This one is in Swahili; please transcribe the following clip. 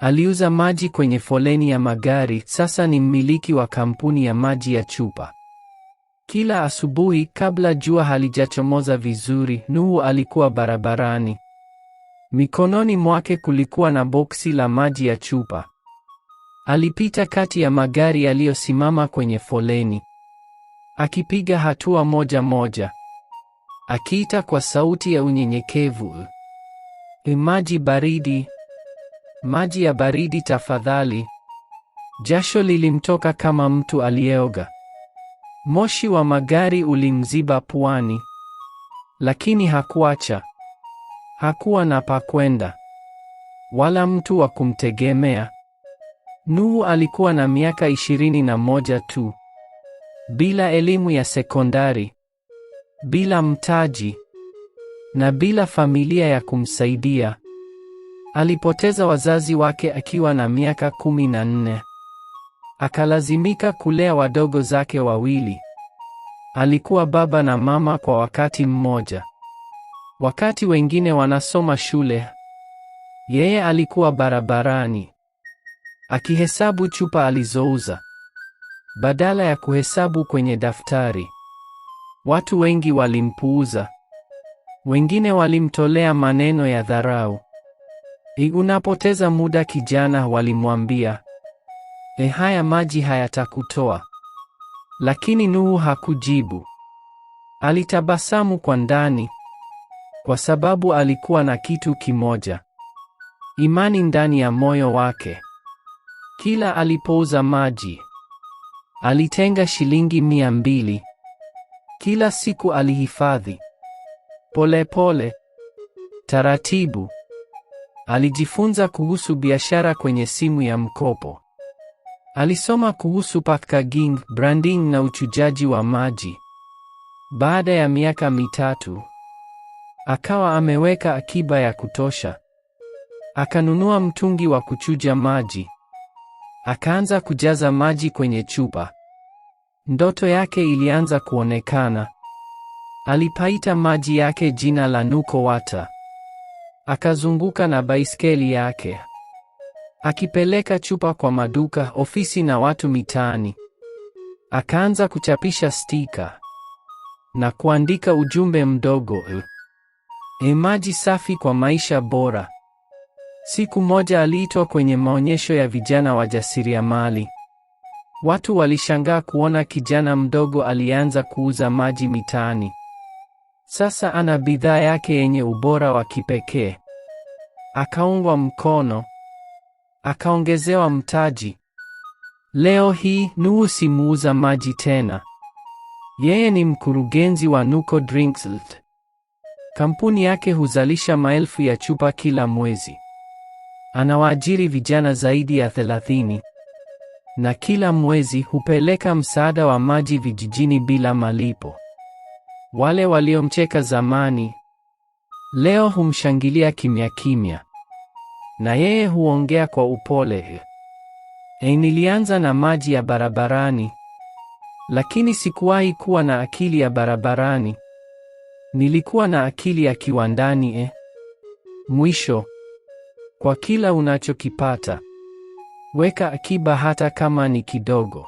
Aliuza maji kwenye foleni ya magari, sasa ni mmiliki wa kampuni ya maji ya chupa. Kila asubuhi kabla jua halijachomoza vizuri, Nuhu alikuwa barabarani. Mikononi mwake kulikuwa na boksi la maji ya chupa. Alipita kati ya magari yaliyosimama kwenye foleni, akipiga hatua moja moja, akiita kwa sauti ya unyenyekevu, maji baridi. Maji ya baridi tafadhali. Jasho lilimtoka kama mtu aliyeoga. Moshi wa magari ulimziba puani, lakini hakuacha. Hakuwa na pa kwenda wala mtu wa kumtegemea. Nuhu alikuwa na miaka ishirini na moja tu, bila elimu ya sekondari, bila mtaji na bila familia ya kumsaidia. Alipoteza wazazi wake akiwa na miaka kumi na nne. Akalazimika kulea wadogo zake wawili. Alikuwa baba na mama kwa wakati mmoja. Wakati wengine wanasoma shule, yeye alikuwa barabarani akihesabu chupa alizouza badala ya kuhesabu kwenye daftari. Watu wengi walimpuuza, wengine walimtolea maneno ya dharau. I, unapoteza muda kijana, walimwambia. E, haya maji hayatakutoa. Lakini Nuhu hakujibu. Alitabasamu kwa ndani, kwa sababu alikuwa na kitu kimoja, imani ndani ya moyo wake. Kila alipouza maji alitenga shilingi mia mbili. Kila siku alihifadhi polepole, taratibu. Alijifunza kuhusu biashara kwenye simu ya mkopo. Alisoma kuhusu packaging, branding na uchujaji wa maji. Baada ya miaka mitatu, akawa ameweka akiba ya kutosha. Akanunua mtungi wa kuchuja maji. Akaanza kujaza maji kwenye chupa. Ndoto yake ilianza kuonekana. Alipaita maji yake jina la Nuko Water. Akazunguka na baiskeli yake akipeleka chupa kwa maduka, ofisi na watu mitaani. Akaanza kuchapisha stika na kuandika ujumbe mdogo e, maji safi kwa maisha bora. Siku moja aliitwa kwenye maonyesho ya vijana wajasiriamali. Watu walishangaa kuona kijana mdogo alianza kuuza maji mitaani. Sasa ana bidhaa yake yenye ubora wa kipekee. Akaungwa mkono, akaongezewa mtaji. Leo hii Nuhu si muuza maji tena, yeye ni mkurugenzi wa Nuko Drinks Ltd. Kampuni yake huzalisha maelfu ya chupa kila mwezi, anawaajiri vijana zaidi ya thelathini na kila mwezi hupeleka msaada wa maji vijijini bila malipo. Wale waliomcheka zamani leo humshangilia kimya kimya, na yeye huongea kwa upole. E, nilianza na maji ya barabarani, lakini sikuwahi kuwa na akili ya barabarani. Nilikuwa na akili ya kiwandani. E, mwisho, kwa kila unachokipata weka akiba, hata kama ni kidogo.